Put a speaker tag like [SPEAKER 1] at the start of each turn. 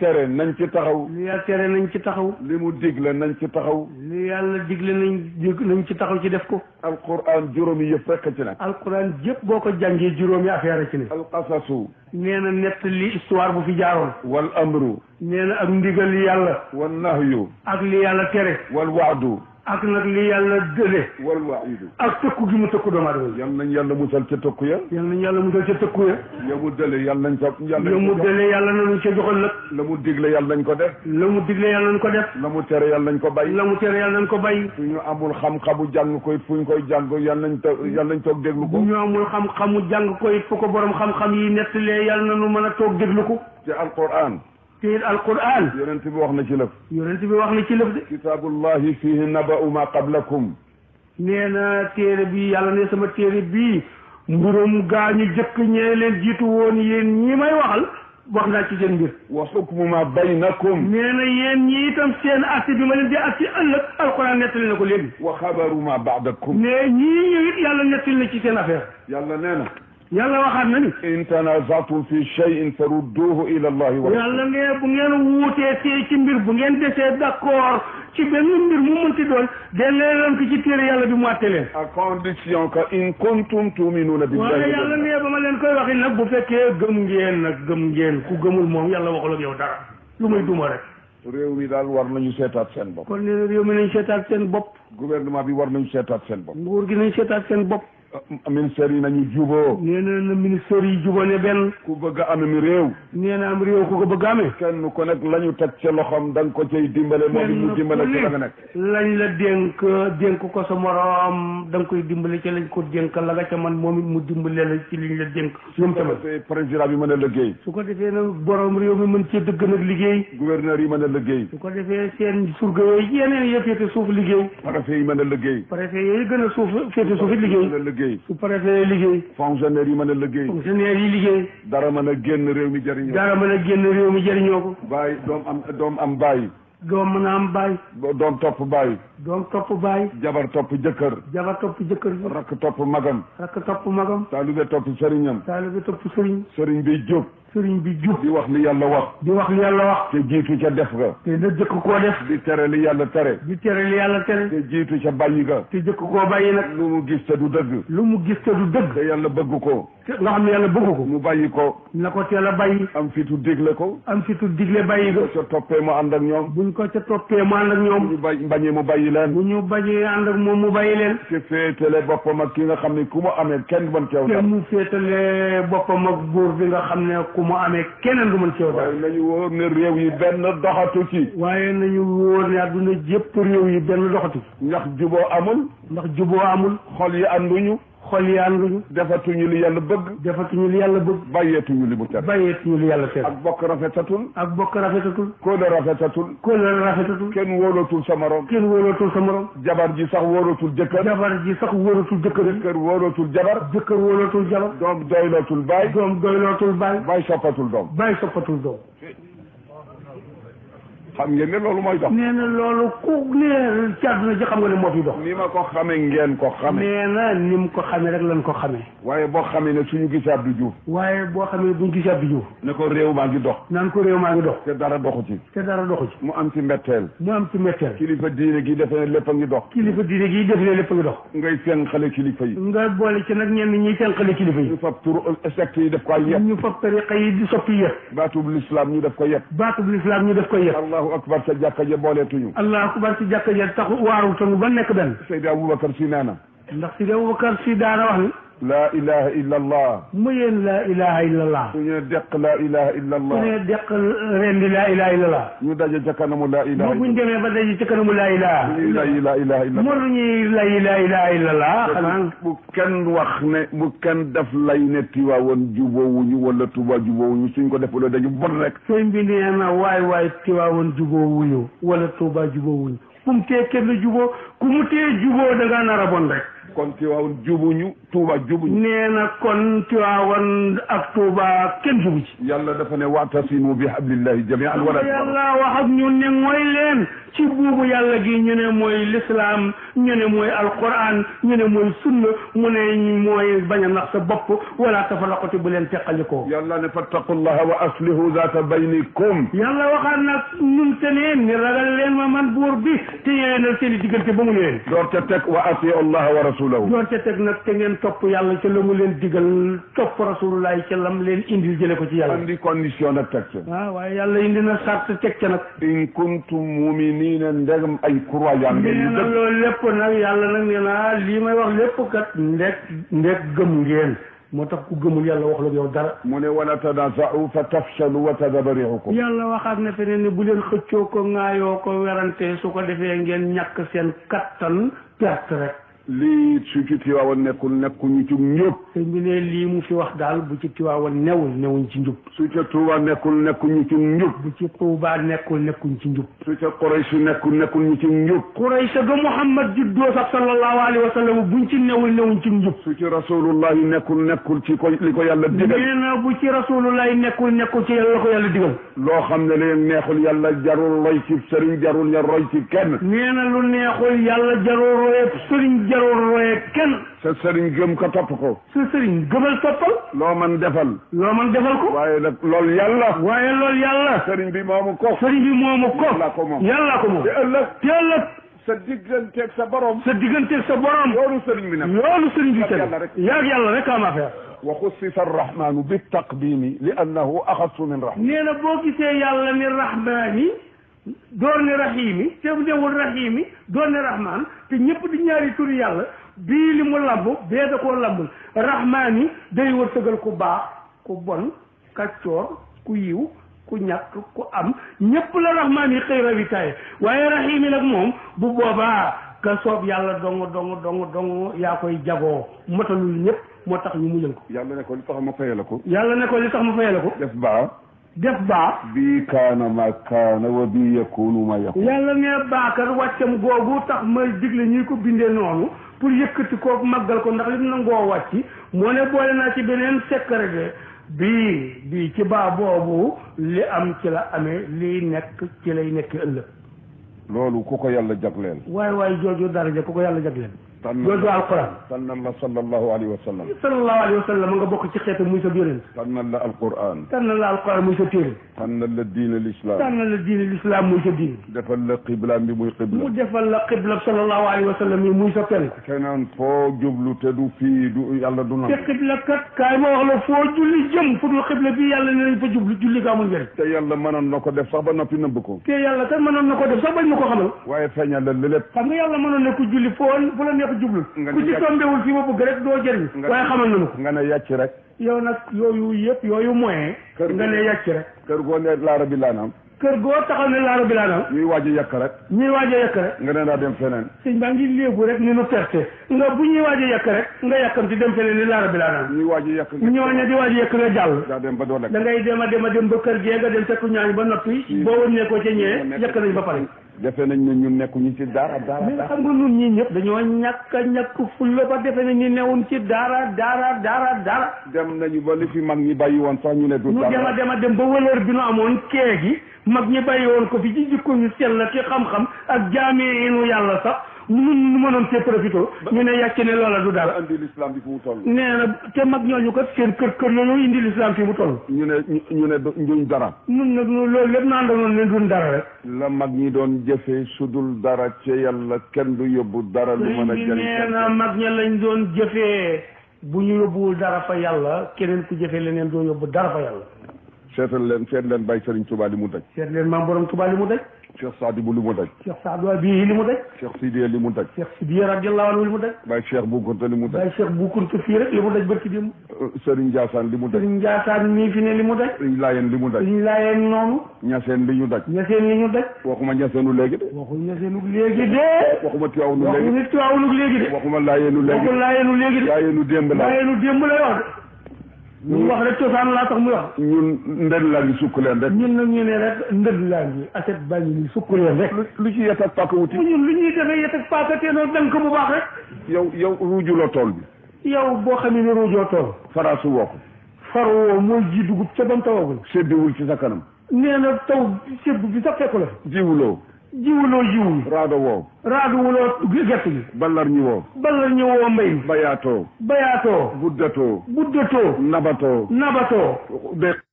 [SPEAKER 1] tere nañ ci taxaw. li yàlla tere nañ ci taxaw. li mu digle nañ ci taxaw. li yàlla digle nañ nañ ci taxaw ci def ko. alquran juróomi yëpp rekk ci nekk. alquran yëpp boo ko jàngee juróomi affaire ci nekk. alqasasu. nee na li histoire bu fi jaaroon. wal amru. nee na ak ndigal yàlla. wal nahyu. ak li yàlla tere. wal wadu ak nag li yàlla dële wal waidu ak tëkku gi mu tëkku doomu aadama yal nañ yàlla musal ca tëkku ya yal nañ yàlla musal ca tëkku ya ya mu dële yàlla nañ ca yàlla ya mu dële yàlla nañ ca joxal nag la mu digle yàlla nañ ko def la mu digle yàlla nañ ko def la mu tere yàlla nañ ko bàyyi la mu tere yàlla nañ ko bàyyi suñu amul xam-xamu jàng ko it fuñ koy jàng yàlla nañ toog yàlla nañ toog déglu ko ñu amul xam-xamu jàng ko it fu ko borom xam-xam yi nettalee yàlla nañu mën a toog déglu ko ci alquran القران يونتي بي واخنا لف يونتي بي واخنا لف كتاب الله فيه نبا ما قبلكم نينا تير بي يالا ني سما تير بي مبروم غاني جيك ني لين جيتو وون يين ني ماي واخال واخنا سي جين بير وحكم ما بينكم نينا يين ني تام سين اسي بي لين دي اسي الله القران نيتل نكو لين وخبر ما بعدكم ني ني يالا نيتل ني سي سين افير يالا نينا يلا واخر نني ان تنازعتم في شيء فردوه الى الله ورسوله يلا نيا بو نين ووتي سي سي مير بو نين ديسي داكور سي بن مير مو مونتي دون دين لين رانك سي تير يلا بي موتلي ا كونديسيون كو ان كنتم تؤمنون بالله ولا يلا نيا بما لين كوي واخي نك بو فكي گم نين نك گم نين كو گمول موم يلا واخول يو دار لومي دوما رك réew mi daal war nañu seetaat seen bopp kon ne réew mi nañ seetaat seen bopp gouvernement bi war nañu seetaat seen bopp nguur gi nañ seetaat seen bopp ministère yi nañu juboo nee na yi juboo ne benn ku bëgg a amee mi réew nee am réew ku ko bëgg a amee kenn ku nekk la teg ca loxom da nga ko cay dimbale moom mu dimbale ca la dénk dénk ko sa morom da nga koy dimbale ca lañ ko dénk la nga ca man moom mu dimbale la ci liñ la dénk ñoom président bi mën a liggéey su ko defee nag borom réew mi mën cee dëgg nag liggéey gouverneur yi mën a liggéey su ko defee seen surga yooyu yeneen a yooyu a féete liggéey. su liggéey. fonctionnaire yi mën a liggéey. fonctionnaire yi liggéey. dara mën a génn réew mi jëriñoo. dara man a génn réew mi jëriñoo ko. bàyyi doom am doom am bàyyi. doom mën am baay. doom topp baay. doom topp baay. jabar topp jëkkër. jabar topp jëkkër bi. rakk topp magam. rakk topp magam. taalibe topp sëriñam. taalibe topp sëriñ. sëriñ bi jóg. sëriñ bi jub di wax li yàlla wax di wax li yàlla wax te jiitu ca def ga te na jëkk koo def di tere li yàlla tere di tere li yàlla tere te jiitu ca bàyyi ga te jëkk koo bàyyi nag lu mu gis te du dëgg lu mu gis te du dëgg te yàlla bëgg ko nga xam ne yàlla bëgg ko mu bàyyi ko na ko teel a bàyyi am fitu digle ko am fitu digle bàyyi ko ca toppee mu ànd ak ñoom buñ ko ca toppee mu ànd ak ñoom ñu bañ bañee mu bàyyi leen bu ñu bañee ànd ak moom mu bàyyi leen te ki nga xam ne ku mu amee kenn ban teew te mu féetale moo amee keneen du mën cee dara waaye nañu wóor ne réew yi benn doxatu ci waaye nañu wóor ne àdduna jëpp réew yi benn doxatu ci ndax juboo amul ndax juboo amul xol yi ànduñu xol yàlluñu defatuñu li yàlla bëgg defatuñu li yàlla bëgg bàyyeetuñu li mu tere bàyyeetuñu li yàlla tere ak bokk rafetatul ak bokk rafetatul kóola rafetatul kóola rafetatul kenn wóolatul sa morom kenn wóolatul sa morom jabar ji sax wóolatul jëkkër jabar ji sax wóolatul jëkkër jëkkër wóolatul jabar jëkkër wóolatul jabar doom doylootul baay doom doylootul baay baay soppatul doom baay soppatul doom xam ngeen ne loolu mooy dox nee na loolu ku nee ci àdduna ji xam nga ne moo fi dox ni ma ko xame ngeen ko xame nee na ni mu ko xame rek lan ko xame waaye boo xamee ne suñu gisee Abdou Diouf waaye boo xamee buñu gisee Abdou Diouf ne ko réew maa ngi dox naan ko réew maa ngi dox te dara doxu ci te dara doxu ci mu am ci mbetteel mu am ci mbetteel kilifa diine gi defe ne lépp a ngi dox kilifa diine gi defe ne lépp a ngi dox ngay seen xale kilifa yi nga boole ci nag ñenn ñi seen xale kilifa yi ñu fab tur secte yi def ko ay yëpp ñu fab tariqa yi di soppi yëpp baatub l'islam ñu def ko yëpp baatub l'islam ñu def ko yëpp allahu akbar ca jàkka ja booleetuñu allahu akbar ci jàkka ja tax waaru tanu ba nekk benn Seydi Aboubacar si nee na ndax Seydi Aboubacar si daana wax ni laa ilaha illa allah mu yéen laa ilaha illa allah ku ñee deq laa ilaha illa allah ku ñee deq rendi laa ilaha illa allah ñu daje ca kanamu laa ilaha bu ñu demee ba daje ca kanamu laa ilaha ñuy laa ilaha illa allah mënu ñuy lay laa ilaha illa allah xanaa bu kenn wax ne bu kenn daf lay ne tiwaawoon jubóowuñu wala tuba jubóowuñu suñ ko defaloo dañu bon rek sëñ bi nee na waay waay tiwaawoon jubóowuñu wala tuba jubóowuñu ku mu tee kenn jubóo ku mu tee jubóo da ngaa nar a bon rek kon tiwaawoon jubuñu Touba jubu nee na kon Tiwaawan ak Touba kenn jubu ci yàlla dafa ne waatasimu bi hablillahi jamian wala yàlla wax ak ñun ne mooy leen ci buubu yàlla gi ñu ne mooy lislaam ñu ne mooy alquran ñu ne mooy sunna mu ne mooy bañ a nax sa bopp wala tafarraqati bu leen teqalikoo yàlla ne fattaqullaha wa aslihu zaata baynikum yàlla waxaat nag ñun te neen ni ragal leen ma man buur bi te yeenal seen i diggante ba mu leen door ca teg wa atiu allaha wa rasulahu door ca teg nag te ngeen topp yàlla ca la mu leen digal topp rasulullah ca lam leen indil jële ko ci yàlla andi condition nag teg ah, waaye yàlla indi na sart teg ca nag in kuntum muminina ndegam ay croyant ngeen nee na loolu lépp nag yàlla nag nee naa ah, lii may wax lépp kat ndek ndek gëm ngeen moo tax ku gëmul yàlla wax la yow dara mu ne wala tanaza'u fa tafshalu wa tadabarihukum yàlla waxaat na feneen ne bu leen xëccoo ko ŋaayoo ko werante su ko defee ngeen ñàkk seen kattan perte rek lii su ci tiwaawoon nekkul nekkuñu ci njub. sëñ bi ne lii mu fi wax daal bu ci tiwaawoon newul newuñ ci njub. su ca Touba nekkul nekkuñu ci njub. bu ci Touba nekkul nekkuñ ci njub. su ca Quraysh nekkul nekkul ñu ci njub. Quraysh ga Muhammad juddoo sax sallallahu alayhi wa sallam buñ ci newul newuñ ci njub. su ci rasulullahi nekkul nekkul ci ko li ko yàlla digal. nee na bu ci rasulullahi nekkul nekkul ci yàlla ko yàlla digal. loo xam ne leen neexul yàlla jarul roy ci sëriñ jarul ya roy ci kenn. nee na lu neexul yàlla jarul roy sëriñ jarul royee kenn sa sëriñ gëm ko topp ko sa sëriñ gëmal toppal loo man defal loo man defal ko waaye nag loolu yàlla waaye loolu yàlla sëriñ bi moomu ko sëriñ bi moomu ko yàlla ko moom yàlla ko moom te ëllëg te ëllëg sa digganteeg sa borom sa digganteeg sa borom yoonu sëriñ bi nag yoonu sëriñ bi kenn yaag yàlla rek am affaire وخصص الرحمن بالتقديم لأنه أخص من رحمة نينا بوكي سي يالا من رحماني doon ne rahimi te mu newul rahimi doon ne rahman te ñëpp di ñaari turi yàlla bii li mu lamb bee da koo lambul rahmaan yi day wërsëgal ku baax ku bon kaccoor ku yiw ku ñàkk ku am ñëpp la rahmaan yi xëy rawitaaye waaye rahim yi nag moom bu boobaa ka soob yàlla dong dong dong dong yaa koy jagoo matalul ñëpp moo tax ñu muñal ko yàlla ne ko li tax ma fayee la ko yàlla ne ko li tax ma fayee la ko def baax def baa bii kaana ma kaana wa bii yakunu ma yakun yàlla ne baakat wàccam googu tax may digle ñuy ko bindee noonu pour yëkkati ko màggal ko ndax na nangoo wàcc moo ne boole naa ci beneen secret de bii bii ci baa boobu li am ci la amee liy nekk ci lay nekk ëllëg loolu ku ko yàlla jagleel waay waaye jooju daraja ku ko yàlla jagleel loolu du alquran tànnal la sallallahu alayhi wa sallam sallallahu alayhi wa sallam nga bokk ci xeetu muy sa yonent tànnal la alquran tànnal la alquran muy sa téere tànnal la diine l'islam tànnal la diine l'islam muy sa diine defal la qibla bi muy qibla mu defal la qibla sallallahu alayhi wa sallam yi muy sa penku keneen foo jublu te du fii du yàlla du na te qibla kat kaay ma wax la foo julli jëm fu dul qibla bi yàlla ne lañ fa jublu julli ga amul njëriñ te yàlla mënoon na ko def sax ba noppi nëbb ko te yàlla kat mënoon na ko def sax bañ ma ko xamal waaye feeñal la lépp xam nga yàlla mënoon na ko julli foo fu la la ko jublu ku ci tombewul fi ma bëgg rek doo jëriñ waaye xamal nañu ko nga ne yàcc rek yow nag yooyu yëpp yooyu moyen nga ne yàcc rek kër goo ne laara bi laanaam kër goo taxaw ne laara bi laanaam ñuy waaj a yàq rek ñuy waaj nga ne daa dem feneen sëñ baa ngi léegu rek ni nu perte nga bu ñuy waaj a yàq rek nga yàkkam ci dem feneen ni laara bi laanaam ñuy a yàq ñooñu di waaj a yàq nga jàll daa dem ba doo lekk da ngay dem a dem a dem ba kër gee nga dem fekk ñaañ ba noppi boo wënnee ko ca ñee yàq nañ ba pare defe nañ ne ñu nekkuñu ci dara dara. xam nga ñun ñii ñëpp dañoo ñàkk a ñàkk fulla ba defe nañ ñu newuñ ci dara dara dara dara. dem nañu ba li mag ñi bàyyi woon sax ñu ne. du dara dem a dem a dem ba wëlër bi nu amoon kee gi mag ñi bàyyi woon ko fi ci jikko ñu sell ci xam-xam ak jaamee inu yàlla sax. ñu mun ñu mënoon cee profité ñu ne yàcc ne loola du dara indi l'islam bi fi mu toll nee na te mag ñooñu kat seen kër kër loolu indi l'islam fi mu toll ñu ne ñu ne duñ dara ñun nag loolu lépp naa doonoon ne duñ dara rek la mag ñi doon jëfee su dul dara ca yàlla kenn du yóbbu dara lu mën a jëriñ nee nag mag ña lañ doon jëfee bu ñu yóbbuwul dara fa yàlla keneen ku jëfee leneen doo yóbbu dara fa yàlla seetal leen seet leen bàyyi Serigne Touba li mu daj seet leen maam borom Touba mu daj Cheikh Sadibou li mu daj. Cheikh Sadou Abiy li mu daj. Cheikh Sidiye li mu daj. Cheikh Sidiye radiyallahu anhu li mu daj. Baye Cheikh Boukounta li mu daj. Baye Cheikh Boukounta fii rek li mu daj barki démb. Euh, Serigne Ndiassane li mu daj. Serigne Ndiassane mii fi ne li mu daj. Serigne Layeen li mu daj. Serigne Layeen noonu. Ñaseen li ñu daj. Ñaseen li ñu daj. waxuma Ñaseenu léegi de. waxuma Ñaseenu léegi de. waxuma Tiwaawunu léegi de. waxuma Tiwaawunu léegi de. waxuma Layeenu léegi de. waxuma Layeenu léegi de. Layeenu démb la. Layeenu démb la wax de. lu mu wax rek cosaan laa tax mu wax. ñun ndëd laa ngi sukk leen rek. ñun nag ñu ne rek ndëd laa ngi aset baa ngi nii sukk leen lu ci yet ak paaka wuti. ñun lu ñuy defee yet ak paaka te noonu danga ko bu baax rek. yow yow ruujuloo tool bi. yow boo xamee ne ruujoo tool. faraasu woo ko. far woo mooy ji dugub ca bam tawagul. séddiwul ci sa kanam. nee na taw séddu bi sax fekku la. jiwuloo. jiwuloo jiwu raado woo raado wuloo gerte gi ballar ñu woo ballar ñu woo mbay bayaatoo bayaatoo buddatoo buddatoo nabatoo nabatoo